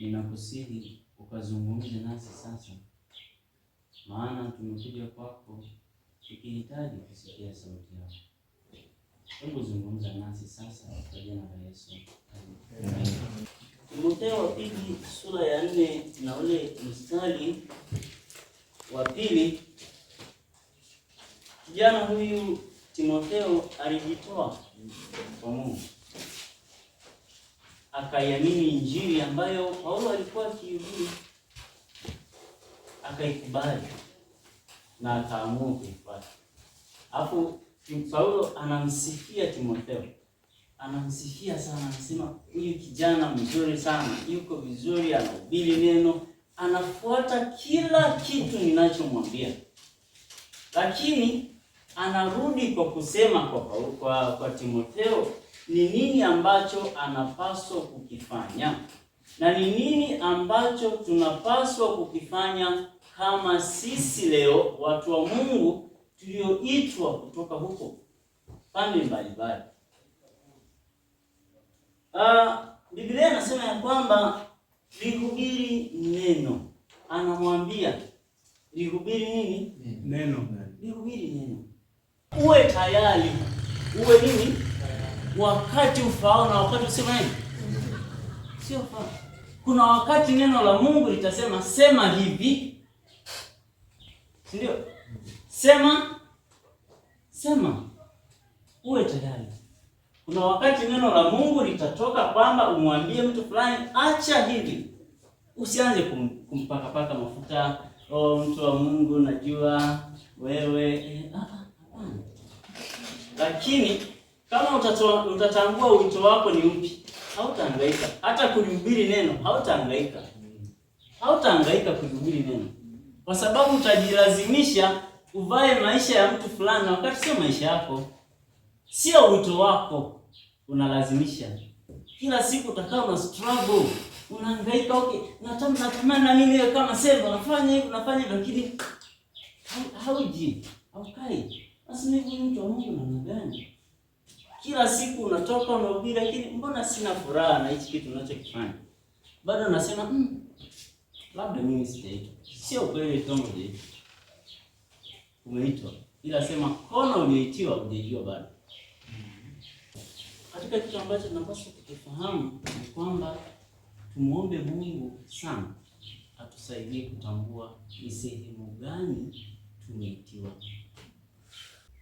Ninakusihi ukazungumze nasi sasa, maana tumekuja kwako tukihitaji kusikia sauti yako. Hebu zungumza nasi sasa kwa jina la Yesu. Timotheo wa pili sura ya nne na ule mstari wa pili, kijana huyu Timotheo alijitoa kwa Mungu akaiamini Injili ambayo Paulo alikuwa akihubiri, akaikubali na akaamua kuifuata. Hapo Paulo anamsifia Timotheo, anamsifia sana, anasema huyu kijana mzuri sana, yuko vizuri, anahubiri neno anafuata kila kitu ninachomwambia, lakini anarudi kwa kusema kwa, kwa, kwa Timotheo ni nini ambacho anapaswa kukifanya na ni nini ambacho tunapaswa kukifanya kama sisi leo watu wa Mungu tulioitwa kutoka huko pande mbalimbali. Uh, Biblia inasema ya kwamba lihubiri neno, anamwambia lihubiri nini? Neno. Lihubiri neno, uwe tayari, uwe nini wakati ufao na wakati usema nini, sio fa. Kuna wakati neno la Mungu litasema sema hivi, si ndio? Sema sema, uwe tayari. Kuna wakati neno la Mungu litatoka kwamba umwambie mtu fulani acha hivi, usianze kum, kumpakapaka mafuta. Oh, mtu wa Mungu, najua wewe eh, ah, ah, ah. Lakini kama utatua, utatambua wito wako ni upi, hautahangaika hata kulihubiri neno, hautahangaika hautahangaika kulihubiri neno, kwa sababu utajilazimisha uvae maisha ya mtu fulani, wakati sio maisha yako. Sio wito wako unalazimisha. Kila siku utakao na struggle, unahangaika okay. Natamani natamani na mimi niwe kama Sema, nafanya hivi nafanya hivi lakini hauji. Haukai. Sasa mimi ni mtu wa Mungu namna gani? Kila siku unatoka na ubi, lakini mbona sina furaha na hichi kitu unachokifanya? Bado nasema mm, labda mimi sijaitwa. Sio kweli tomo je, Umeitwa. Ila sema kona ulioitiwa hujaijua bado. Katika kitu ambacho tunapaswa kukifahamu ni kwamba tumuombe Mungu sana atusaidie kutambua ni sehemu gani tumeitiwa.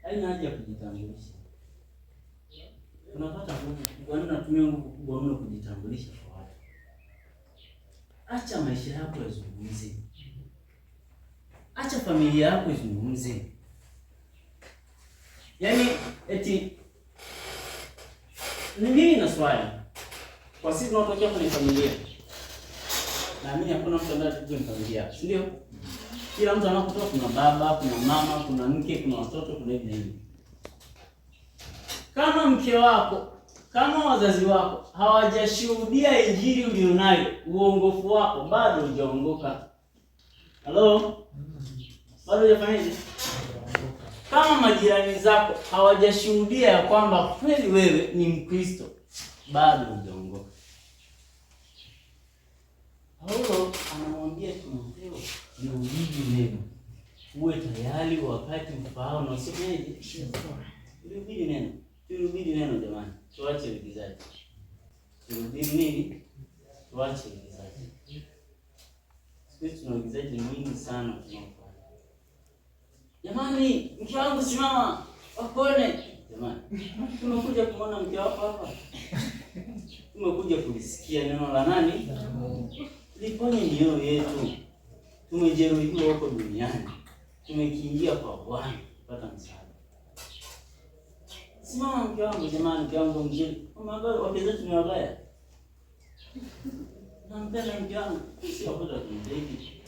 Haina haja ya kujitambulisha. Unapata unatumia nguvu kubwa mno kujitambulisha kwa watu. Acha maisha yako yazungumze, acha familia yako izungumze, yaani eti mimi na swali kwa sisi tunatokea kwenye familia, naamini hakuna mtu ambaye atakuja familia, si ndio? Kila mtu anakutoka, kuna baba, kuna mama, kuna mke, kuna watoto, kuna hivi na hivi. Kama mke wako kama wazazi wako hawajashuhudia injili ulionayo, uongofu wako bado hujaongoka. Hello, bado hujafanyaje? Kama majirani zako hawajashuhudia ya kwamba kweli wewe ni Mkristo, bado hujaongoka. Paulo anamwambia Timotheo, nauliji neno, uwe tayari wakati mfaao na usemeje. Tulihubiri neno, tulihubiri neno jamani, tuache uigizaji. Tulihubiri nini? Tuache uigizaji. Sisi tuna uigizaji mwingi sana tunaofanya Jamani, mke wangu simama. Wapone. Jamani. Tumekuja kumwona mke wako hapa. Tumekuja kulisikia neno la nani? Liponye mioyo yetu. Tumejeruhiwa huko duniani. Tumekiingia kwa Bwana kupata msaada. Simama mke wangu, jamani, mke wangu mzuri. Mabaya wakezetu ni wabaya. Nampenda mke wangu. Sio kwenda kumdeki.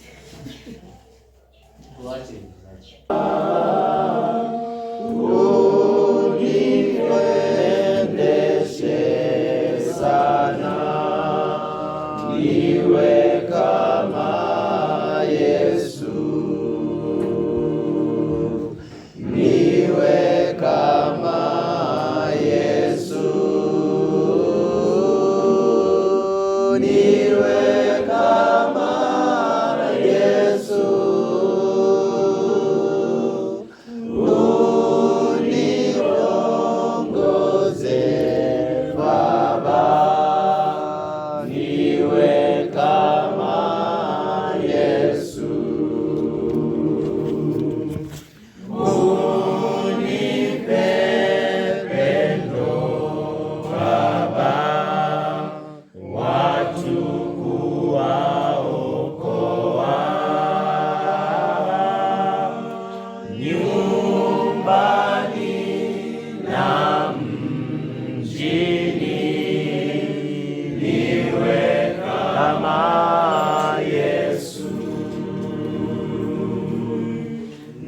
Латинь, значит.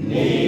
Need